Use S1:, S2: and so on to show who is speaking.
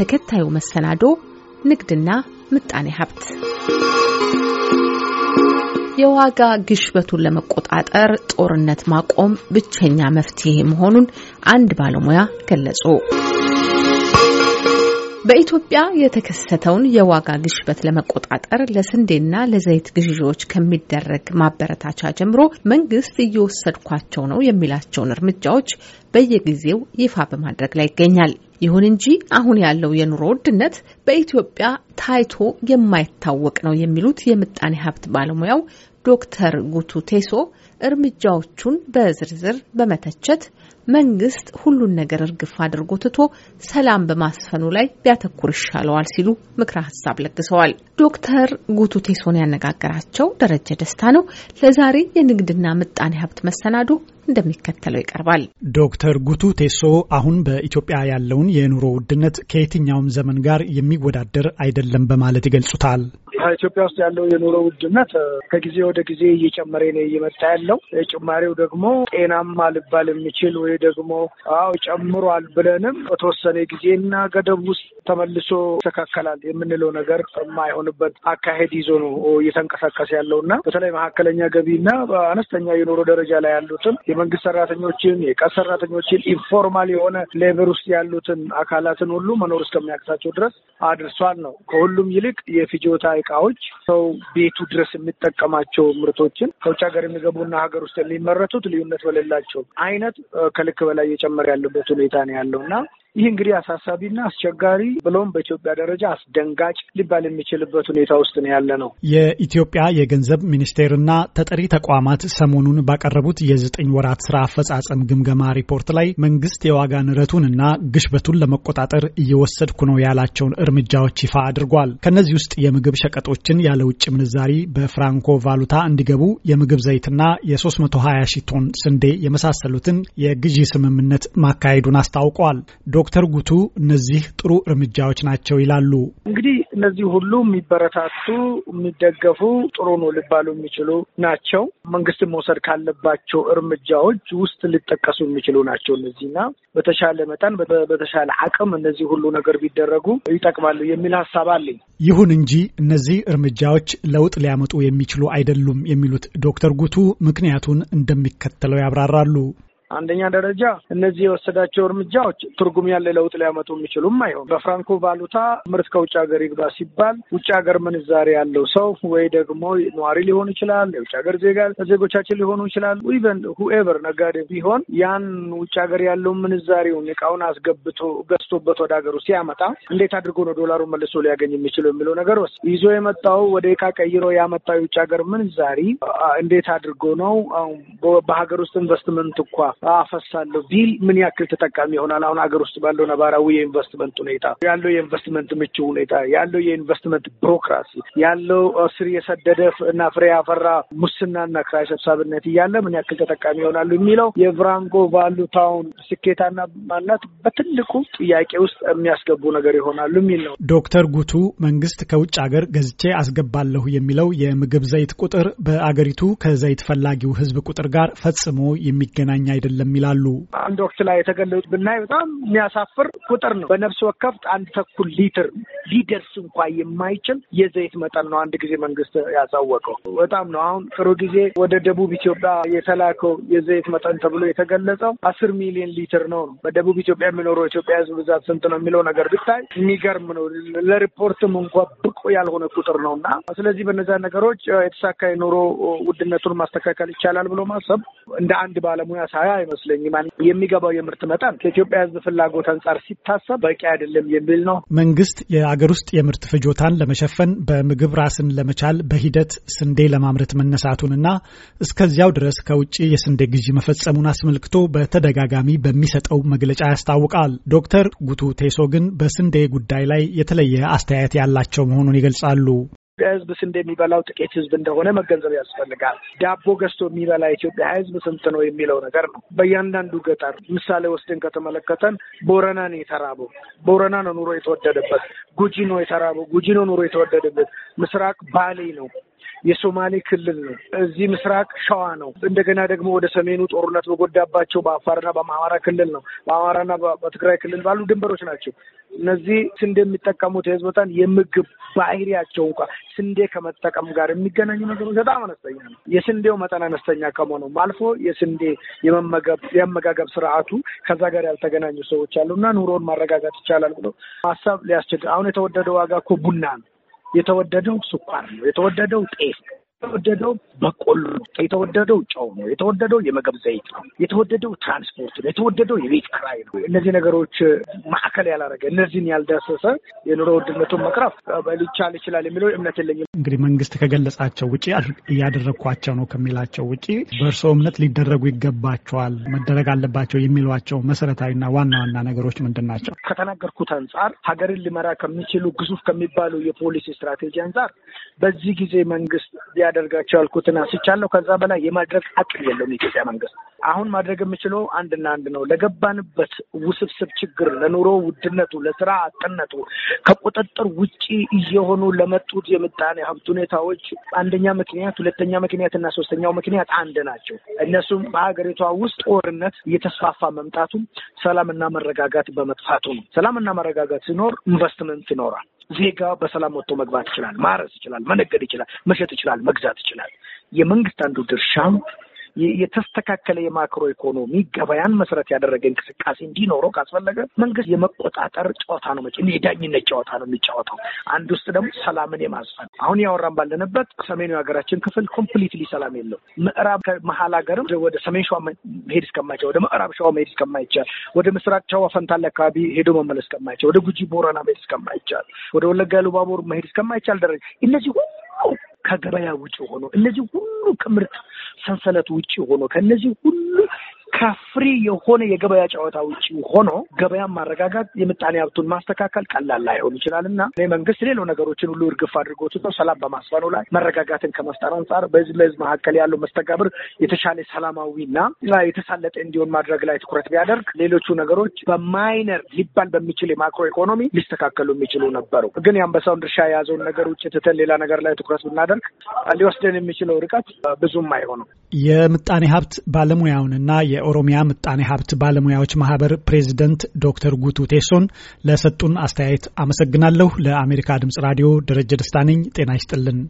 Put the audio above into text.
S1: ተከታዩ መሰናዶ ንግድና ምጣኔ ሀብት የዋጋ ግሽበቱን ለመቆጣጠር ጦርነት ማቆም ብቸኛ መፍትሄ መሆኑን አንድ ባለሙያ ገለጹ። በኢትዮጵያ የተከሰተውን የዋጋ ግሽበት ለመቆጣጠር ለስንዴና ለዘይት ግዢዎች ከሚደረግ ማበረታቻ ጀምሮ መንግስት እየወሰድኳቸው ነው የሚላቸውን እርምጃዎች በየጊዜው ይፋ በማድረግ ላይ ይገኛል። ይሁን እንጂ አሁን ያለው የኑሮ ውድነት በኢትዮጵያ ታይቶ የማይታወቅ ነው የሚሉት የምጣኔ ሀብት ባለሙያው ዶክተር ጉቱ ቴሶ እርምጃዎቹን በዝርዝር በመተቸት መንግስት ሁሉን ነገር እርግፍ አድርጎ ትቶ ሰላም በማስፈኑ ላይ ቢያተኩር ይሻለዋል ሲሉ ምክረ ሀሳብ ለግሰዋል። ዶክተር ጉቱ ቴሶን ያነጋገራቸው ደረጀ ደስታ ነው። ለዛሬ የንግድና ምጣኔ ሀብት መሰናዶ እንደሚከተለው ይቀርባል። ዶክተር ጉቱ ቴሶ አሁን በኢትዮጵያ ያለውን የኑሮ ውድነት ከየትኛውም ዘመን ጋር የሚወዳደር አይደለም በማለት ይገልጹታል።
S2: ኢትዮጵያ ውስጥ ያለው የኑሮ ውድነት ከጊዜ ወደ ጊዜ እየጨመረ ነው እየመጣ ያለ ያለው ጭማሪው ደግሞ ጤናማ ሊባል የሚችል ወይ ደግሞ አዎ ጨምሯል ብለንም በተወሰነ ጊዜና ገደብ ውስጥ ተመልሶ ይስተካከላል የምንለው ነገር የማይሆንበት አካሄድ ይዞ ነው እየተንቀሳቀሰ ያለው እና በተለይ መካከለኛ ገቢና በአነስተኛ የኑሮ ደረጃ ላይ ያሉትን የመንግስት ሰራተኞችን፣ የቀን ሰራተኞችን፣ ኢንፎርማል የሆነ ሌቨር ውስጥ ያሉትን አካላትን ሁሉ መኖር እስከሚያቅታቸው ድረስ አድርሷል ነው። ከሁሉም ይልቅ የፍጆታ እቃዎች ሰው ቤቱ ድረስ የሚጠቀማቸው ምርቶችን ከውጭ ሀገር የሚገቡና በሀገር ውስጥ የሚመረቱት ልዩነት በሌላቸው አይነት ከልክ በላይ እየጨመረ ያለበት ሁኔታ ነው ያለው እና ይህ እንግዲህ አሳሳቢና አስቸጋሪ ብሎም በኢትዮጵያ ደረጃ አስደንጋጭ ሊባል የሚችልበት ሁኔታ ውስጥ ነው ያለ ነው።
S1: የኢትዮጵያ የገንዘብ ሚኒስቴርና ተጠሪ ተቋማት ሰሞኑን ባቀረቡት የዘጠኝ ወራት ስራ አፈጻጸም ግምገማ ሪፖርት ላይ መንግስት የዋጋ ንረቱንና ግሽበቱን ለመቆጣጠር እየወሰድኩ ነው ያላቸውን እርምጃዎች ይፋ አድርጓል። ከእነዚህ ውስጥ የምግብ ሸቀጦችን ያለ ውጭ ምንዛሪ በፍራንኮ ቫሉታ እንዲገቡ፣ የምግብ ዘይትና የ320 ሺህ ቶን ስንዴ የመሳሰሉትን የግዢ ስምምነት ማካሄዱን አስታውቋል። ዶክተር ጉቱ እነዚህ ጥሩ እርምጃዎች ናቸው ይላሉ።
S2: እንግዲህ እነዚህ ሁሉ የሚበረታቱ የሚደገፉ ጥሩ ነው ሊባሉ የሚችሉ ናቸው። መንግስት መውሰድ ካለባቸው እርምጃዎች ውስጥ ሊጠቀሱ የሚችሉ ናቸው እነዚህና በተሻለ መጠን በተሻለ አቅም እነዚህ ሁሉ ነገር ቢደረጉ ይጠቅማሉ የሚል ሀሳብ አለኝ።
S1: ይሁን እንጂ እነዚህ እርምጃዎች ለውጥ ሊያመጡ የሚችሉ አይደሉም የሚሉት ዶክተር ጉቱ ምክንያቱን እንደሚከተለው ያብራራሉ።
S2: አንደኛ ደረጃ እነዚህ የወሰዳቸው እርምጃዎች ትርጉም ያለ ለውጥ ሊያመጡ የሚችሉም አይሆን። በፍራንኮ ቫሉታ ምርት ከውጭ ሀገር ይግባ ሲባል ውጭ ሀገር ምንዛሬ ያለው ሰው ወይ ደግሞ ነዋሪ ሊሆን ይችላል፣ የውጭ ሀገር ዜጋ ዜጎቻችን ሊሆኑ ይችላል። ኢቨን ሁኤቨር ነጋዴ ቢሆን ያን ውጭ ሀገር ያለውን ምንዛሬውን እቃውን አስገብቶ ገዝቶበት ወደ ሀገር ውስጥ ያመጣ እንዴት አድርጎ ነው ዶላሩ መልሶ ሊያገኝ የሚችለው የሚለው ነገር ወስ ይዞ የመጣው ወደ እቃ ቀይሮ ያመጣው የውጭ ሀገር ምንዛሪ እንዴት አድርጎ ነው በሀገር ውስጥ ኢንቨስትመንት እንኳ አፈሳለሁ ቢል ምን ያክል ተጠቃሚ ይሆናል? አሁን ሀገር ውስጥ ባለው ነባራዊ የኢንቨስትመንት ሁኔታ ያለው የኢንቨስትመንት ምቹ ሁኔታ ያለው የኢንቨስትመንት ቢሮክራሲ ያለው ስር የሰደደ እና ፍሬ ያፈራ ሙስናና ክራይ ሰብሳቢነት እያለ ምን ያክል ተጠቃሚ ይሆናሉ የሚለው የፍራንኮ ቫሉታውን ታውን ስኬታና ማነት በትልቁ ጥያቄ ውስጥ የሚያስገቡ ነገር ይሆናሉ የሚል ነው።
S1: ዶክተር ጉቱ መንግስት ከውጭ ሀገር ገዝቼ አስገባለሁ የሚለው የምግብ ዘይት ቁጥር በአገሪቱ ከዘይት ፈላጊው ህዝብ ቁጥር ጋር ፈጽሞ የሚገናኝ አይደለም አይደለም ይላሉ።
S2: አንድ ወቅት ላይ የተገለጡት ብናይ በጣም የሚያሳፍር ቁጥር ነው። በነፍስ ወከፍ አንድ ተኩል ሊትር ሊደርስ እንኳ የማይችል የዘይት መጠን ነው አንድ ጊዜ መንግስት ያሳወቀው። በጣም ነው። አሁን ቅሩ ጊዜ ወደ ደቡብ ኢትዮጵያ የተላከው የዘይት መጠን ተብሎ የተገለጸው አስር ሚሊዮን ሊትር ነው ነው። በደቡብ ኢትዮጵያ የሚኖረው ኢትዮጵያ ህዝብ ብዛት ስንት ነው የሚለው ነገር ብታይ የሚገርም ነው። ለሪፖርትም እንኳ ያልሆነ ቁጥር ነው እና ስለዚህ በነዚ ነገሮች የተሳካ የኑሮ ውድነቱን ማስተካከል ይቻላል ብሎ ማሰብ እንደ አንድ ባለሙያ ሳያ አይመስለኝም። የሚገባው የምርት መጠን ከኢትዮጵያ ሕዝብ ፍላጎት አንጻር ሲታሰብ በቂ አይደለም የሚል ነው።
S1: መንግስት የአገር ውስጥ የምርት ፍጆታን ለመሸፈን በምግብ ራስን ለመቻል በሂደት ስንዴ ለማምረት መነሳቱንና እስከዚያው ድረስ ከውጭ የስንዴ ግዢ መፈጸሙን አስመልክቶ በተደጋጋሚ በሚሰጠው መግለጫ ያስታውቃል። ዶክተር ጉቱ ቴሶ ግን በስንዴ ጉዳይ ላይ የተለየ አስተያየት ያላቸው መሆኑ መሆኑን ይገልጻሉ።
S2: ህዝብ ስንዴ የሚበላው ጥቂት ህዝብ እንደሆነ መገንዘብ ያስፈልጋል። ዳቦ ገዝቶ የሚበላ ኢትዮጵያ ህዝብ ስንት ነው የሚለው ነገር ነው። በእያንዳንዱ ገጠር ምሳሌ ወስደን ከተመለከተን ቦረና ነው የተራበው፣ ቦረና ነው ኑሮ የተወደደበት። ጉጂ ነው የተራበው፣ ጉጂ ነው ኑሮ የተወደደበት። ምስራቅ ባሌ ነው የሶማሌ ክልል ነው። እዚህ ምስራቅ ሸዋ ነው። እንደገና ደግሞ ወደ ሰሜኑ ጦርነት በጎዳባቸው በአፋርና በአማራ ክልል ነው። በአማራና በትግራይ ክልል ባሉ ድንበሮች ናቸው። እነዚህ ስንዴ የሚጠቀሙት የህዝብ በጣም የምግብ ባህሪያቸው እንኳ ስንዴ ከመጠቀም ጋር የሚገናኙ ነገሮች በጣም አነስተኛ ነው። የስንዴው መጠን አነስተኛ ከመሆነው አልፎ የስንዴ የመመገብ የአመጋገብ ስርዓቱ ከዛ ጋር ያልተገናኙ ሰዎች አሉ እና ኑሮን ማረጋጋት ይቻላል ብሎ ሀሳብ ሊያስችል አሁን የተወደደ ዋጋ እኮ ቡና ነው። የተወደደው ስኳር ነው፣ የተወደደው ጤፍ ነው፣ የተወደደው በቆሎ ነው፣ የተወደደው ጨው ነው፣ የተወደደው የምግብ ዘይት ነው፣ የተወደደው ትራንስፖርት ነው፣ የተወደደው የቤት ክራይ ነው። እነዚህ ነገሮች ማዕከል ያላረገ እነዚህን ያልዳሰሰ የኑሮ ውድነቱን መቅረፍ ሊቻል ይችላል የሚለው እምነት የለኝም።
S1: እንግዲህ መንግስት ከገለጻቸው ውጭ እያደረግኳቸው ነው ከሚላቸው ውጭ በእርስዎ እምነት ሊደረጉ ይገባቸዋል መደረግ አለባቸው የሚሏቸው መሰረታዊና ዋና ዋና ነገሮች ምንድን ናቸው?
S2: ከተናገርኩት አንጻር ሀገርን ሊመራ ከሚችሉ ግዙፍ ከሚባሉ የፖሊሲ ስትራቴጂ አንጻር በዚህ ጊዜ መንግስት ሊያደርጋቸው ያልኩትን አንስቻለሁ። ከዛ በላይ የማድረግ አቅም የለውም የኢትዮጵያ መንግስት። አሁን ማድረግ የምችለው አንድና አንድ ነው። ለገባንበት ውስብስብ ችግር፣ ለኑሮ ውድነቱ፣ ለስራ አጥነቱ፣ ከቁጥጥር ውጪ እየሆኑ ለመጡት የምጣኔ ሀብት ሁኔታዎች አንደኛ ምክንያት፣ ሁለተኛ ምክንያት እና ሶስተኛው ምክንያት አንድ ናቸው። እነሱም በሀገሪቷ ውስጥ ጦርነት እየተስፋፋ መምጣቱ፣ ሰላምና መረጋጋት በመጥፋቱ ነው። ሰላምና መረጋጋት ሲኖር ኢንቨስትመንት ይኖራል። ዜጋ በሰላም ወጥቶ መግባት ይችላል፣ ማረስ ይችላል፣ መነገድ ይችላል፣ መሸጥ ይችላል፣ መግዛት ይችላል። የመንግስት አንዱ ድርሻ የተስተካከለ የማክሮ ኢኮኖሚ ገበያን መሰረት ያደረገ እንቅስቃሴ እንዲኖረው ካስፈለገ መንግስት የመቆጣጠር ጨዋታ ነው፣ የዳኝነት ጨዋታ ነው የሚጫወተው። አንድ ውስጥ ደግሞ ሰላምን የማስፈን አሁን ያወራን ባለንበት ሰሜኑ የሀገራችን ክፍል ኮምፕሊትሊ ሰላም የለው። ምዕራብ ከመሀል ሀገርም ወደ ሰሜን ሸዋ መሄድ እስከማይቻል፣ ወደ ምዕራብ ሸዋ መሄድ እስከማይቻል፣ ወደ ምስራቅ ሸዋ ፈንታሌ አካባቢ ሄዶ መመለስ እስከማይቻል፣ ወደ ጉጂ ቦረና መሄድ እስከማይቻል፣ ወደ ወለጋ ሉባቦር መሄድ እስከማይቻል ደረጃ እነዚህ ሁሉ ከገበያ ውጭ ሆኖ እነዚህ ሁሉ ከምርት ሰንሰለት ውጭ ሆኖ ከነዚህ ሁሉ ከፍ ፍሪ የሆነ የገበያ ጨዋታ ውጭ ሆኖ ገበያን ማረጋጋት የምጣኔ ሀብቱን ማስተካከል ቀላል ላይሆን ይችላል እና እኔ መንግስት ሌሎ ነገሮችን ሁሉ እርግፍ አድርጎ ትቶ ሰላም በማስፈኑ ላይ መረጋጋትን ከመፍጠር አንጻር በህዝብ ለህዝብ መካከል ያለው መስተጋብር የተሻለ ሰላማዊና የተሳለጠ እንዲሆን ማድረግ ላይ ትኩረት ቢያደርግ ሌሎቹ ነገሮች በማይነር ሊባል በሚችል የማክሮ ኢኮኖሚ ሊስተካከሉ የሚችሉ ነበሩ። ግን የአንበሳውን ድርሻ የያዘውን ነገር ውጭ ትተን ሌላ ነገር ላይ ትኩረት ብናደርግ ሊወስደን የሚችለው ርቀት ብዙም አይሆንም።
S1: የምጣኔ ሀብት ባለሙያውንና የኦሮሚያ ምጣኔ ሀብት ባለሙያዎች ማህበር ፕሬዚደንት ዶክተር ጉቱ ቴሶን ለሰጡን አስተያየት አመሰግናለሁ። ለአሜሪካ ድምጽ ራዲዮ ደረጀ ደስታ ነኝ። ጤና ይስጥልን።